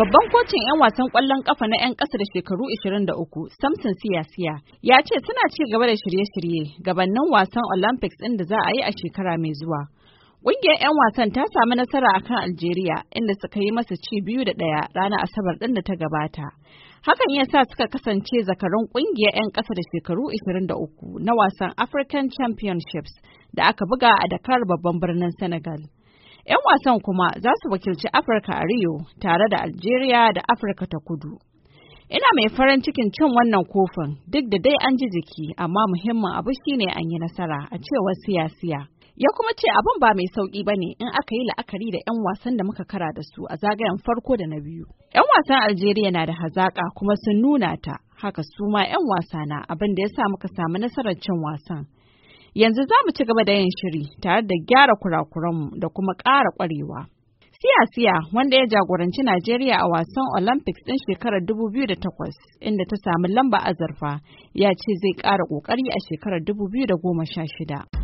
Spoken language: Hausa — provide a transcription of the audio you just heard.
Babban kocin 'yan wasan kwallon kafa na 'yan kasa da shekaru 23, Samson Siyasiya, ya ce suna ci gaba da shirye-shirye gabanin wasan Olympics ɗin da za a yi a shekara mai zuwa. Ƙungiyar 'yan wasan ta samu nasara a kan Algeria inda suka yi masa ci biyu da ɗaya ranar Asabar ɗin da ta gabata. Hakan ya sa suka kasance zakarun ƙungiyar 'yan ƙasa da shekaru 23 na wasan African Championships da aka buga a Dakar babban birnin Senegal. 'Yan wasan kuma za su wakilci Afirka a Rio tare da Algeria da Afirka ta kudu. Ina mai farin cikin cin wannan kofin duk da dai an ji jiki amma muhimmin abu shine an yi nasara a cewar siyasiya. Ya kuma ce abin ba mai sauki ne in aka yi la'akari da 'yan wasan da muka kara da su a zagayen farko da na biyu. 'Yan wasan Algeria na da hazaka kuma sun nuna ta haka su ma 'yan wasa na abin da ya sa muka samu nasarar cin wasan. Yanzu za mu ci gaba da yin shiri tare da gyara kurakuranmu da kuma ƙara ƙwarewa. Siya-siya wanda ya jagoranci Najeriya a wasan Olympics ɗin shekarar 2008 inda ta samu lamba azurfa ya ce zai ƙara ƙoƙari a shekarar 2016.